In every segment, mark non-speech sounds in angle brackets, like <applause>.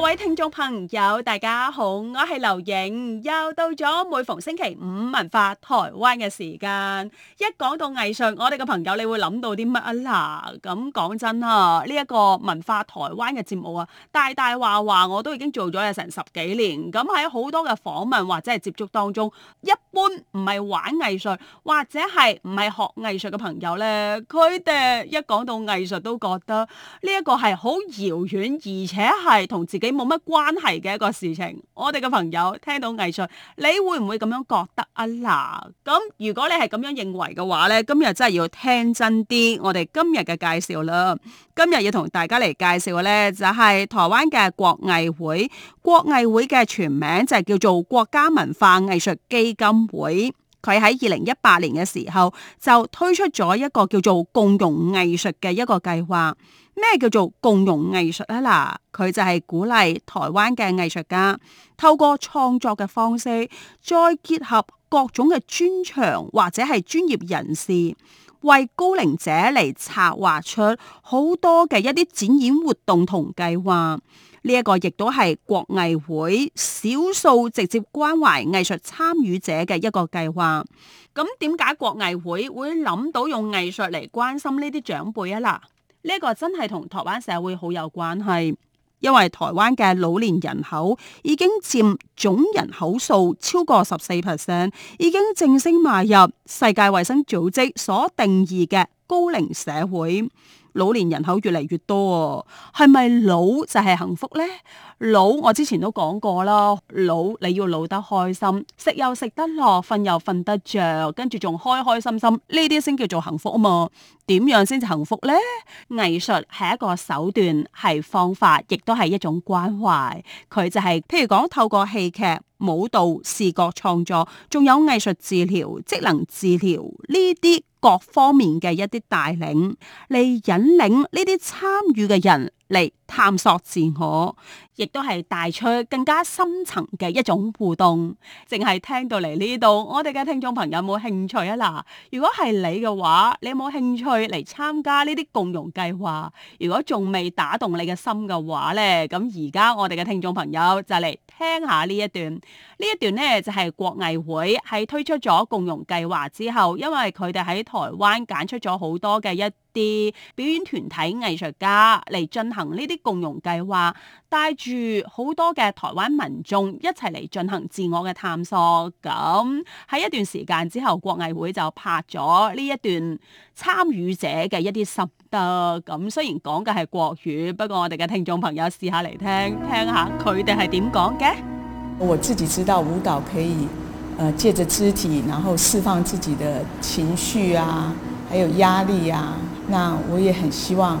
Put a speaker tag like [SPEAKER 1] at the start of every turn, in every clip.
[SPEAKER 1] 各位聽眾朋友，大家好，我係劉影，又到咗每逢星期五文化台灣嘅時間。一講到藝術，我哋嘅朋友你會諗到啲乜啊？啦、嗯，咁講真啊，呢、這、一個文化台灣嘅節目啊，大大話話我都已經做咗有成十幾年。咁喺好多嘅訪問或者係接觸當中，一般唔係玩藝術或者係唔係學藝術嘅朋友咧，佢哋一講到藝術都覺得呢一個係好遙遠，而且係同自己。你冇乜關係嘅一個事情，我哋嘅朋友聽到藝術，你會唔會咁樣覺得啊？嗱，咁如果你係咁樣認為嘅話呢，今日真係要聽真啲我哋今日嘅介紹啦。今日要同大家嚟介紹嘅呢，就係台灣嘅國藝會。國藝會嘅全名就係叫做國家文化藝術基金會。佢喺二零一八年嘅時候就推出咗一個叫做共融藝術嘅一個計劃。咩叫做共融藝術啊？嗱，佢就係鼓勵台灣嘅藝術家透過創作嘅方式，再結合各種嘅專長或者係專業人士，為高齡者嚟策劃出好多嘅一啲展演活動同計劃。呢一個亦都係國藝會少數直接關懷藝術參與者嘅一個計劃。咁點解國藝會會諗到用藝術嚟關心呢啲長輩啊？嗱？呢一個真係同台灣社會好有關係，因為台灣嘅老年人口已經佔總人口數超過十四 percent，已經正式邁入世界衛生組織所定義嘅高齡社會。老年人口越嚟越多，係咪老就係幸福咧？老我之前都講過啦，老你要老得開心，食又食得落，瞓又瞓得着，跟住仲開開心心，呢啲先叫做幸福啊嘛？點樣先至幸福咧？藝術係一個手段，係方法，亦都係一種關懷。佢就係、係、譬如講透過戲劇、舞蹈、視覺創作，仲有藝術治療、職能治療呢啲。各方面嘅一啲帶領，嚟引領呢啲參與嘅人嚟。探索自我，亦都係帶出更加深層嘅一種互動，淨係聽到嚟呢度，我哋嘅聽眾朋友有冇興趣啊？嗱，如果係你嘅話，你有冇興趣嚟參加呢啲共融計劃？如果仲未打動你嘅心嘅話咧，咁而家我哋嘅聽眾朋友就嚟聽下呢一段。呢一段咧就係、是、國藝會係推出咗共融計劃之後，因為佢哋喺台灣揀出咗好多嘅一啲表演團體藝術家嚟進行呢啲。共融計劃帶住好多嘅台灣民眾一齊嚟進行自我嘅探索，咁喺一段時間之後，國藝會就拍咗呢一段參與者嘅一啲心得。咁雖然講嘅係國語，不過我哋嘅聽眾朋友試，試下嚟聽聽下佢哋係點講嘅。我自己知道舞蹈可以，呃，借着肢體然後釋放自己的情緒啊，還有壓力啊。那我也很希望。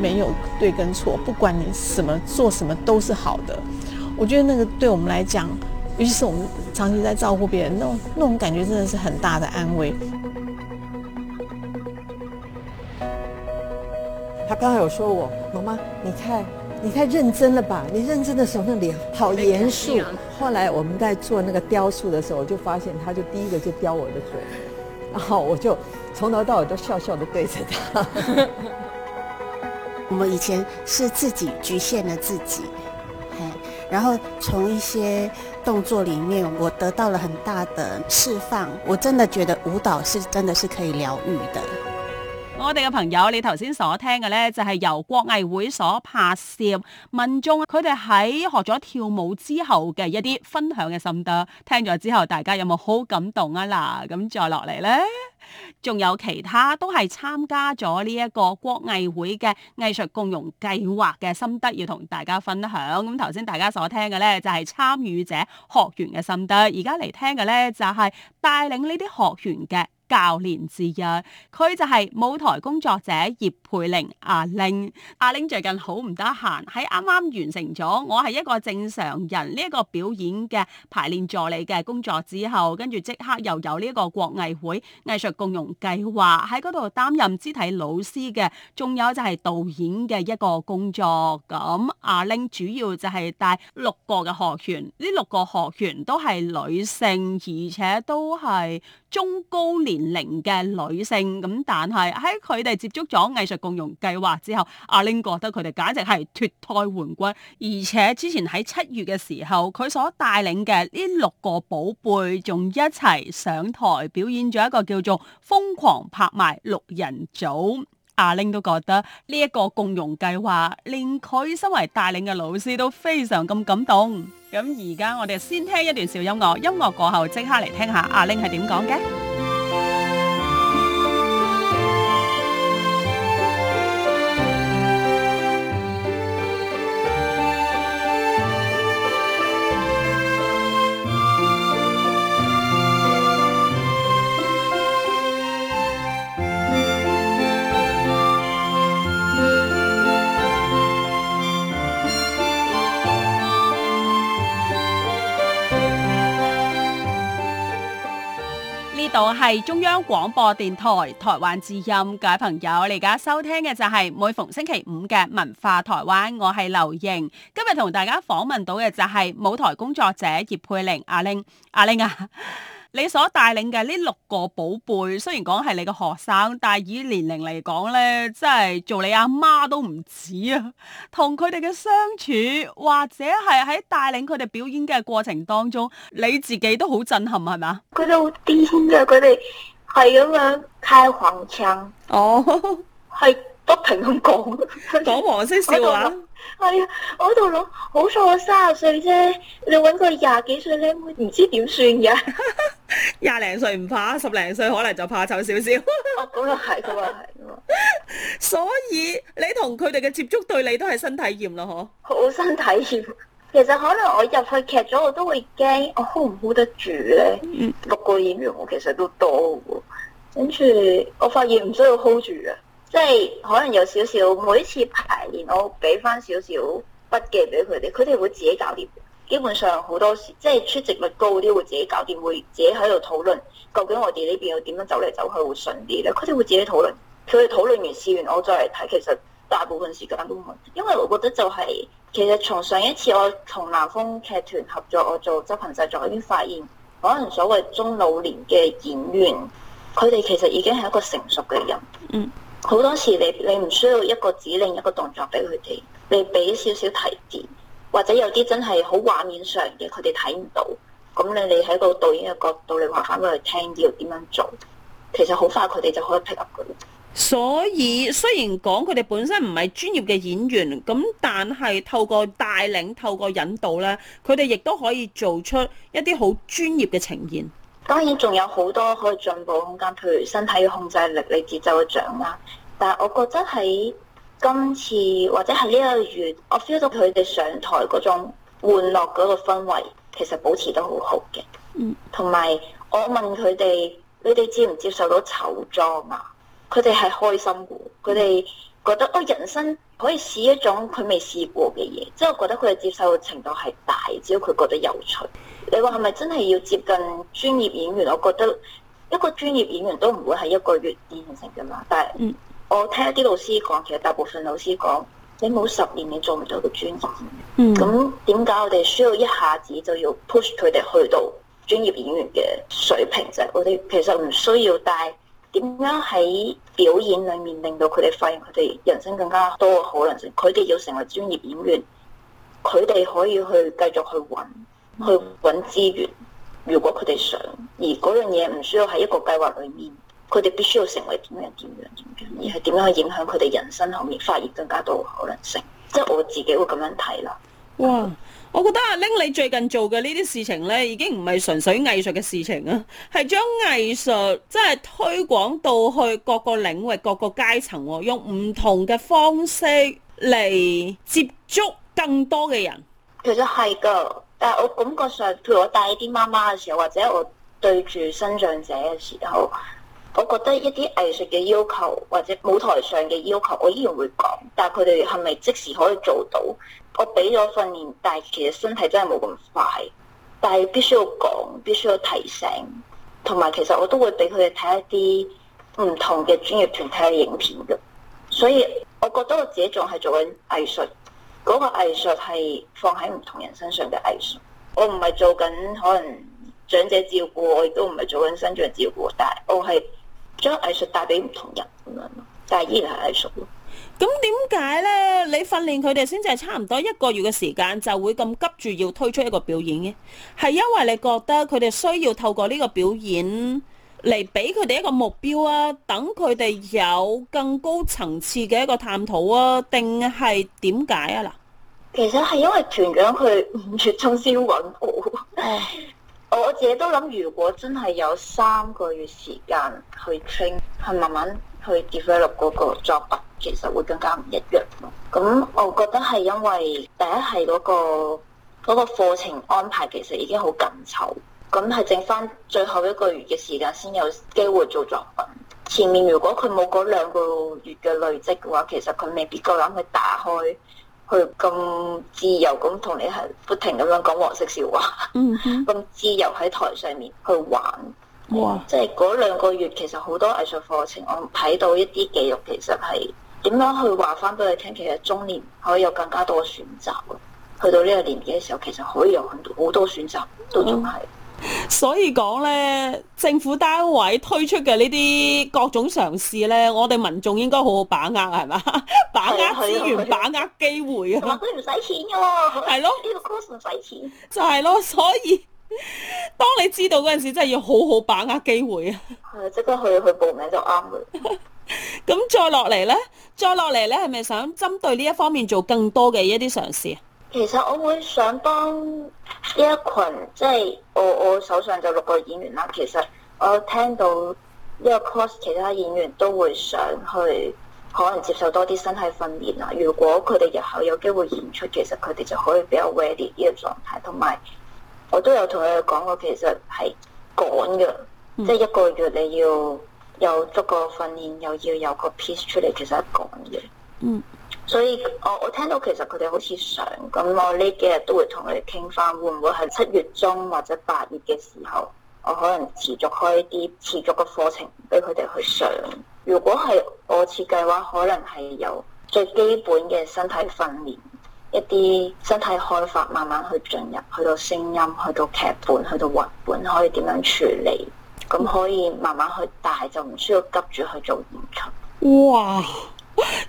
[SPEAKER 1] 沒有對跟錯，不管你什麼做什麼都是好的。我覺得那個對我們來講，尤其是我們長期在照顧別人，那種那種感覺真的是很大的安慰。他剛剛有說我，媽媽，你太你太認真了吧？你認真的時候，那臉好嚴肅。後來我們在做那個雕塑的時候，我就發現，他就第一個就雕我的嘴，然後我就從頭到尾都笑笑的對着他。 <laughs> 我以前是自己局限了自己，然後從一些動作裡面，我得到了很大的釋放。我真的覺得舞蹈是真的是可以療癒的。我哋嘅朋友，你頭先所聽嘅呢，就係由國藝會所拍攝，民眾佢哋喺學咗跳舞之後嘅一啲分享嘅心得。聽咗之後，大家有冇好感動啊？嗱，咁再落嚟呢。仲有其他都係參加咗呢一個國藝會嘅藝術共融計劃嘅心得，要同大家分享。咁頭先大家所聽嘅咧，就係參與者學員嘅心得。而家嚟聽嘅咧，就係帶領呢啲學員嘅。教練之一，佢就係舞台工作者葉佩玲阿玲。阿玲最近好唔得閒，喺啱啱完成咗我係一個正常人呢一個表演嘅排練助理嘅工作之後，跟住即刻又有呢個國藝會藝術共融計劃喺嗰度擔任肢體老師嘅，仲有就係導演嘅一個工作。咁阿玲主要就係帶六個嘅學員，呢六個學員都係女性，而且都係中高年齡嘅女性咁，但係喺佢哋接觸咗藝術共融計劃之後，阿玲覺得佢哋簡直係脫胎換骨。而且之前喺七月嘅時候，佢所帶領嘅呢六個寶貝仲一齊上台表演咗一個叫做《瘋狂拍賣六人組》。阿玲都覺得呢一個共融計劃令佢身為帶領嘅老師都非常咁感動。咁而家我哋先聽一段小音樂，音樂過後即刻嚟聽下阿玲係點講嘅。度，係中央廣播電台台灣之音。各位朋友，你而家收聽嘅就係每逢星期五嘅文化台灣，我係劉瑩，今日同大家訪問到嘅就係舞台工作者葉佩玲，阿玲，阿玲啊。你所帶領嘅呢六個寶貝，雖然講係你個學生，但係以年齡嚟講呢，真係做你阿媽都唔止啊！同佢哋嘅相處，或者係喺帶領佢哋表演嘅過程當中，你自己都好震撼，係咪？
[SPEAKER 2] 佢哋好癲嘅，佢哋係咁樣開黃腔，哦，係 <laughs> 不停咁講，講 <laughs> 黃色笑話。 <laughs> 係啊、哎，我喺度諗，好彩我三十歲啫，你搵個廿幾歲靚妹，唔知點算嘅。廿零歲唔怕，十
[SPEAKER 1] 零歲可能就怕醜少少。咁又係，咁又係。就是、 <laughs> 所以你同佢哋嘅接觸，對你都係新體驗咯，嗬？
[SPEAKER 2] 好新體驗。其實可能我入去劇咗，我都會驚，我 hold 唔 hold 得住咧。嗯、六個演員我其實都多嘅，跟住我發現唔需要 hold 住嘅。即係可能有少少，每一次排練，我俾翻少少筆記俾佢哋，佢哋會自己搞掂。基本上好多時，即係出席率高啲會自己搞掂，會自己喺度討論究竟我哋呢邊要點樣走嚟走去會順啲咧。佢哋會自己討論，佢哋討論完，試完，我再嚟睇。其實大部分時間都唔，因為我覺得就係、是、其實從上一次我同南風劇團合作，我做執行製作已經發現，可能所謂中老年嘅演員，佢哋其實已經係一個成熟嘅人。嗯。好多時，你你唔需要一個指令、一個動作俾佢哋，你俾少少提點，或者有啲真係好畫面上嘅，佢哋睇唔到。咁你你喺個導演嘅角度，你話翻俾佢聽要點樣做，其實好快佢哋就可以 pick up 佢。
[SPEAKER 1] 所以雖然講佢哋本身唔係專業嘅演員，咁但係透過帶領、透過引導呢，佢哋亦都可以做出一啲好專業嘅呈現。
[SPEAKER 2] 當然仲有好多可以進步空間，譬如身體嘅控制力、你節奏嘅掌握。但係我覺得喺今次或者喺呢一個月，我 feel 到佢哋上台嗰種玩樂嗰個氛圍，其實保持得好好嘅。嗯，同埋我問佢哋，你哋接唔接受到醜妝啊？佢哋係開心嘅，佢哋覺得哦人生可以試一種佢未試過嘅嘢，即係我覺得佢哋接受嘅程度係大，只要佢覺得有趣。你話係咪真係要接近專業演員？我覺得一個專業演員都唔會係一個月變成噶嘛。但係我聽一啲老師講，其實大部分老師講，你冇十年你做唔到個專業演員。嗯、mm。咁點解我哋需要一下子就要 push 佢哋去到專業演員嘅水平？就係、是、我哋其實唔需要，但係點樣喺表演裏面令到佢哋發現佢哋人生更加多嘅可能性？佢哋要成為專業演員，佢哋可以去繼續去揾。去揾資源，如果佢哋想，而嗰樣嘢唔需要喺一個計劃裏面，佢哋必須要成為點樣點樣點樣，而係點樣去影響佢哋人生後面發現更加多可能性。即係我自己會咁樣睇啦。
[SPEAKER 1] 哇！我覺得阿拎你最近做嘅呢啲事情呢，已經唔係純粹藝術嘅事情啊，係將藝術即係推廣到去各個領域、各個階層，用唔同嘅方式
[SPEAKER 2] 嚟接
[SPEAKER 1] 觸更
[SPEAKER 2] 多嘅人。其實係噶。但係我感覺上，譬如我帶啲媽媽嘅時候，或者我對住新長者嘅時候，我覺得一啲藝術嘅要求或者舞台上嘅要求，我依然會講。但係佢哋係咪即時可以做到？我俾咗訓練，但係其實身體真係冇咁快。但係必須要講，必須要提醒，同埋其實我都會俾佢哋睇一啲唔同嘅專業團體嘅影片嘅。所以我覺得我自己仲係做緊藝術。嗰個藝術係放喺唔同人身上嘅藝術，我唔係做緊可能長者照顧，我亦都唔係做緊身障照顧，但係我係將藝術帶俾唔同人咁樣，但係依然係藝術咯。咁點解咧？
[SPEAKER 1] 你訓練佢哋先至係差唔多一個月嘅時間，就會咁急住要推出一個表演嘅，係因為你覺得佢哋需要透過呢個表演。嚟俾佢哋一個目標啊，等佢哋有更高層次嘅一個探討啊，定係
[SPEAKER 2] 點解啊嗱？其實係因為團長佢五月中先揾我， <laughs> 我自己都諗，如果真係有三個月時間去 train 去慢慢去 develop 嗰個作品，其實會更加唔一樣。咁我覺得係因為第一係嗰、個嗰、個課程安排其實已經好緊湊。咁係剩翻最後一個月嘅時間先有機會做作品。前面如果佢冇嗰兩個月嘅累積嘅話，其實佢未必夠膽去打開，去咁自由咁同你係不停咁樣講黃色笑話，咁、mm hmm. 自由喺台上面去玩。哇！Wow. 即係嗰兩個月，其實好多藝術課程，我睇到一啲記錄，其實係點樣去話翻俾你聽。Mm hmm. 其實中年可以有更加多嘅選擇。去到呢個年紀嘅時候，其實可以有好多選擇都，都仲係。Hmm.
[SPEAKER 1] 所以講咧，政府單位推出嘅呢啲各種嘗試咧，我哋民眾應該好好把握，係嘛？ <laughs> 把握資源，把握機會啊！嗱，
[SPEAKER 2] 佢唔使錢㗎、哦，係咯，呢個 course 唔使錢，就係咯。
[SPEAKER 1] 所以當你知道嗰陣時，真係要好好把握機會啊！
[SPEAKER 2] 係，即刻去去報名就啱嘅。
[SPEAKER 1] 咁 <laughs> 再落嚟咧，再落嚟咧，係咪想針對呢一方面做更多嘅一啲嘗試？
[SPEAKER 2] 其實我會想幫呢一群，即係我我手上就六個演員啦。其實我聽到呢個 course，其他演員都會想去，可能接受多啲身體訓練啊。如果佢哋日後有機會演出，其實佢哋就可以比較 ready 呢個狀態。同埋我都有同佢哋講過，其實係趕嘅，嗯、即係一個月你要有足夠訓練，又要有個 piece 出嚟，其實係趕嘅。嗯。所以，我我聽到其實佢哋好似想，咁，我呢幾日都會同佢哋傾翻，會唔會，係七月中或者八月嘅時候，我可能持續開一啲持續嘅課程俾佢哋去上。如果係我設計嘅話，可能係有最基本嘅身體訓練，一啲身體開發慢慢去進入，去到聲音，去到劇本，去到文本，可以點樣處理，咁可以慢慢去大，就唔需要急住去做演出。哇！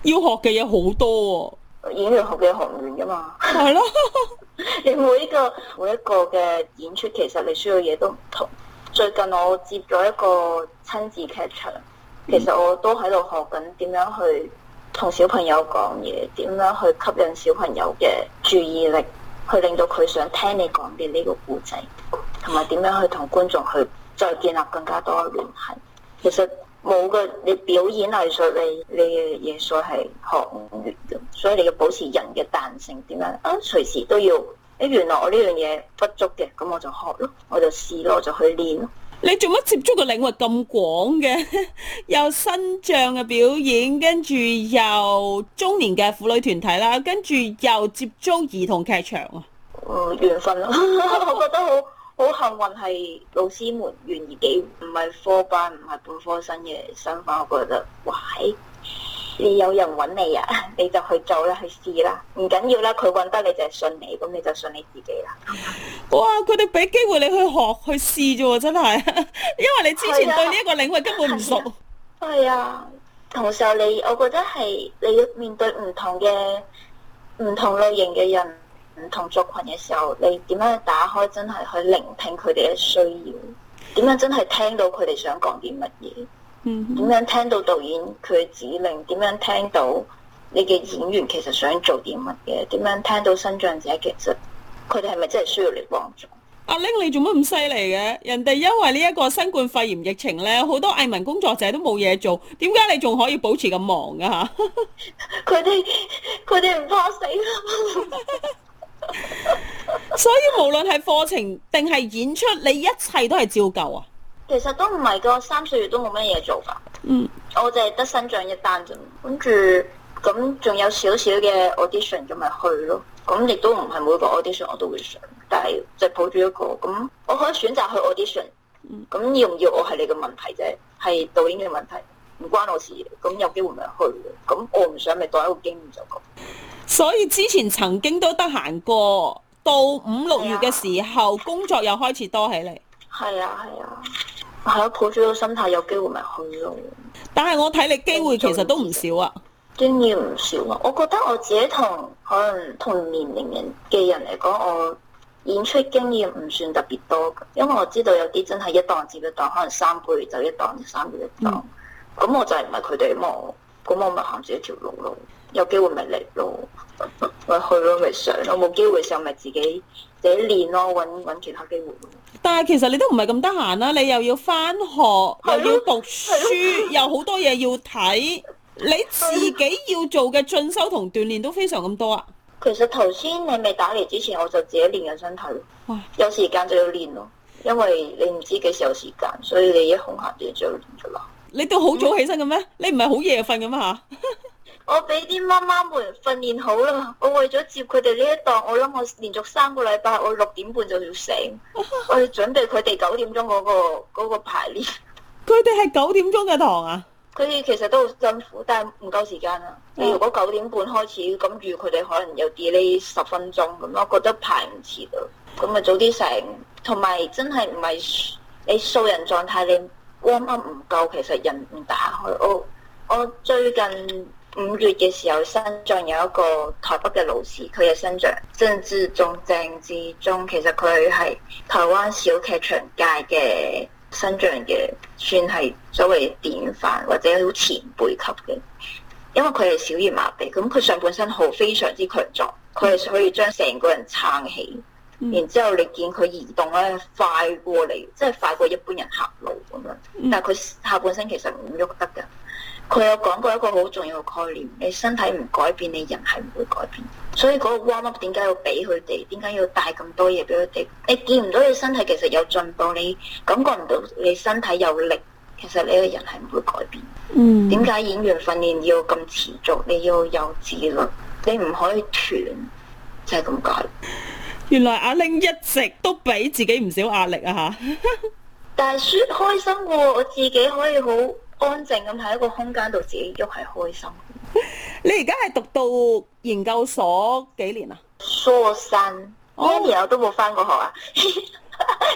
[SPEAKER 2] 要學嘅嘢好多，哦，演員學嘅學唔完噶嘛？係咯，你每個每一個嘅演出，其實你需要嘢都唔同。最近我接咗一個親子劇場，其實我都喺度學緊點樣去同小朋友講嘢，點樣去吸引小朋友嘅注意力，去令到佢想聽你講嘅呢個故仔，同埋點樣去同觀眾去再建立更加多嘅聯繫。其實。冇嘅，你表演藝術你你嘅嘢所係學唔完嘅，所以你要保持人嘅彈性。點樣啊？隨時都要，哎，原來我呢樣嘢不足嘅，咁我就學咯，我就試咯，我就去練咯。
[SPEAKER 1] 你做乜接觸嘅領域咁廣嘅？又新仗嘅表演，跟住又中年嘅婦女團體啦，跟住又接觸兒童劇場啊？哦、
[SPEAKER 2] 嗯，緣分咯， <laughs> 我覺得好。好幸運係老師們願意幾唔係科班唔係本科生嘅想法。我覺得哇、哎，你有人揾你啊，你就去做啦，去試啦，唔緊要啦，佢揾得你就係、信你，咁你就信你自己啦。
[SPEAKER 1] 哇，佢哋俾機會你去學去試咋喎，真係，
[SPEAKER 2] <laughs> 因為你之前對呢一個領域根本唔熟。係啊，啊，啊，啊，同時又你，我覺得係你要面對唔同嘅唔同類型嘅人。唔同族群嘅時候，你點樣打開？真係去聆聽佢哋嘅需要，點樣真係聽到佢哋想講啲乜嘢？嗯哼，點樣聽到導演佢嘅指令？點樣聽到你嘅演員其實想做啲乜嘢？點樣聽到新進者其實佢哋係咪真係需要你幫助？
[SPEAKER 1] 阿 Ling，你做乜咁犀利嘅？人哋因為呢一個新冠肺炎疫情咧，好多藝文工作者都冇嘢做，點解你仲可以保持咁忙嘅吓？佢哋佢哋唔怕死 <laughs> <laughs> 所以無論係課程定係演出，你一切都係照舊啊？
[SPEAKER 2] 其實都唔係噶，三四月都冇乜嘢做法。嗯，我就係得新賬一單啫，跟住咁仲有少少嘅 audition 咁咪去咯。咁亦都唔係每個 audition 我都會上，但係就抱住一個咁，我可以選擇去 audition。咁要唔要我係你嘅問題啫，係導演嘅問題，唔關我事。咁有機會咪去，咁我唔想咪當一個經驗就咁。
[SPEAKER 1] 所以之前曾經都得閒過，到五六月嘅時候，啊、工作又開始多起嚟。係啊係
[SPEAKER 2] 啊，係抱住個心態，有機會咪去咯。但係我睇你機會其實都唔少啊，經驗唔少啊。我覺得我自己同可能同年齡人嘅人嚟講，我演出經驗唔算特別多嘅。因為我知道有啲真係一檔接一檔，可能三個月就一檔，三個月一檔。咁、嗯、我就係唔係佢哋啊嘛？咁我咪行住一條路咯。有機會咪嚟咯，我去咯，咪上咯，冇機會上咪自己自己練咯，揾揾其他機會。
[SPEAKER 1] 但係其實你都唔係咁得閒啦，你又要返學， <laughs> 又要
[SPEAKER 2] 讀書，
[SPEAKER 1] 又好 <laughs> 多嘢要睇， <laughs> 你自己要做嘅進修同鍛鍊都非常咁多啊。
[SPEAKER 2] 其實頭先你未打嚟之前，我就自己練緊身體唉，有時間就要練咯，因為你唔知幾時有時間，所以你一空下嘅時候就要練啦。
[SPEAKER 1] 你都好早起
[SPEAKER 2] 身嘅咩？嗯、你唔係
[SPEAKER 1] 好夜瞓嘅嘛。 <laughs>
[SPEAKER 2] 我俾啲媽媽們訓練好啦，我為咗接佢哋呢一檔，我諗我連續三個禮拜我六點半就要醒，我要準備佢哋九點鐘嗰個，嗰個排練。
[SPEAKER 1] 佢哋係九點鐘嘅堂
[SPEAKER 2] 啊？佢哋其實都好辛苦，但係唔夠時間啦。你，嗯、如果九點半開始，咁預佢哋可能有 delay 十分鐘咁，我覺得排唔切啦。咁咪早啲醒，同埋真係唔係你數人狀態，你 warm up 唔夠，其實人唔打開。我我最近。五月嘅時候，身障有一個台北嘅老師，佢嘅身障，鄭志忠鄭志忠其實佢係台灣小劇場界嘅身障嘅，算係所謂典範或者好前輩級嘅。因為佢係小兒麻痺，咁佢上半身好非常之強壯，佢係可以將成個人撐起。Mm hmm. 然之後你見佢移動咧快過你，即、就、係、是、快過一般人行路咁樣。但係佢下半身其實唔喐得嘅。佢有講過一個好重要嘅概念，你身體唔改變，你人係唔會改變。所以嗰個 warm up 點解要俾佢哋？點解要帶咁多嘢俾佢哋？你見唔到你身體其實有進步，你感覺唔到你身體有力，其實你個人係唔會改變。嗯，點解演員訓練要咁持續？你要有自律，你唔可以斷，就係咁解。
[SPEAKER 1] 原來阿玲一直都俾自己唔少壓力啊！
[SPEAKER 2] 呵呵，但係説開心喎，我自己可以好。安靜咁喺一個空間度自己喐係開心。 <laughs> 你而家係讀到研
[SPEAKER 1] 究所幾年啊？碩三一年我都冇返過學啊，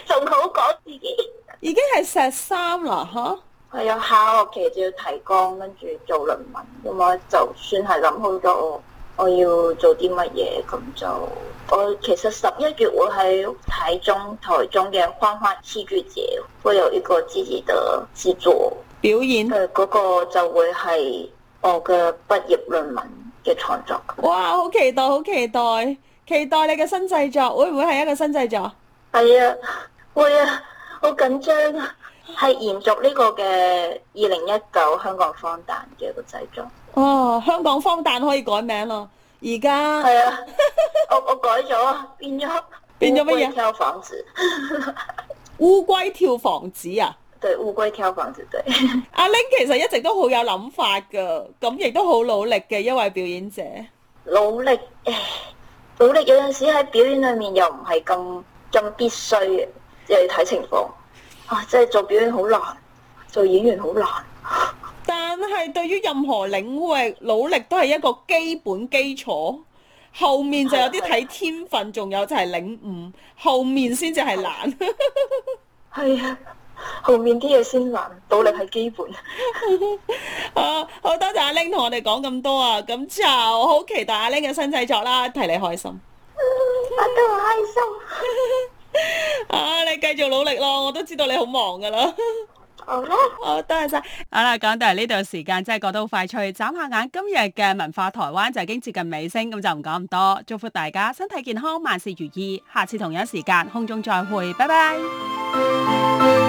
[SPEAKER 2] 仲 <laughs> 好講自己。
[SPEAKER 1] 已經係碩三啦，吓？我有下
[SPEAKER 2] 學期就要提綱，跟住做論文，咁我就算係諗好咗，我要做啲乜嘢，咁就我其實十一月會喺台中，台中嘅框歡戲劇節會有一個自己嘅製作。表演誒嗰、嗯嗰個就會係我嘅畢業論文嘅創作。哇！
[SPEAKER 1] 好期待，好期待，期待你嘅新製作，會唔會係一個新製作？係啊，
[SPEAKER 2] 會啊，好緊張啊！係延續呢個嘅二零一九香港荒誕嘅一個製作。
[SPEAKER 1] 哦，香港荒誕可以改名咯，而
[SPEAKER 2] 家係啊！ <laughs> 我我改咗，啊，變咗變咗乜嘢？跳房子， <laughs> 烏龜跳房子啊！對烏龜跳房就對。 <laughs> 阿 Ling 其
[SPEAKER 1] 實一直都好有諗法噶，咁亦都好努力嘅一位表演者。
[SPEAKER 2] 努力，誒，努力有陣時喺表演裏面又唔係咁咁必須嘅，又要睇情況。啊，即係做表演好難，做演員好難。
[SPEAKER 1] <laughs> 但係對於任何領域，努力都係一個基本基礎。後面就有啲睇天分，仲的有就係領悟，後面先至係難。係 <laughs> 啊。
[SPEAKER 2] 後面啲嘢先難，努力係基
[SPEAKER 1] 本。 <laughs> 啊、好多謝阿玲同我哋講咁多啊，咁就，我好期待阿玲嘅新製作啦，替你開心。嗯、我都好開心。 <laughs> 啊，你繼續努力咯，我都知道你好忙噶啦。好，多謝晒。好啦，講到嚟呢度，時間真係過得好快脆。眨下眼今日嘅文化台灣就已經接近尾聲，咁就唔講咁多，祝福大家身體健康，萬事如意，下次同樣時間空中再會，拜拜。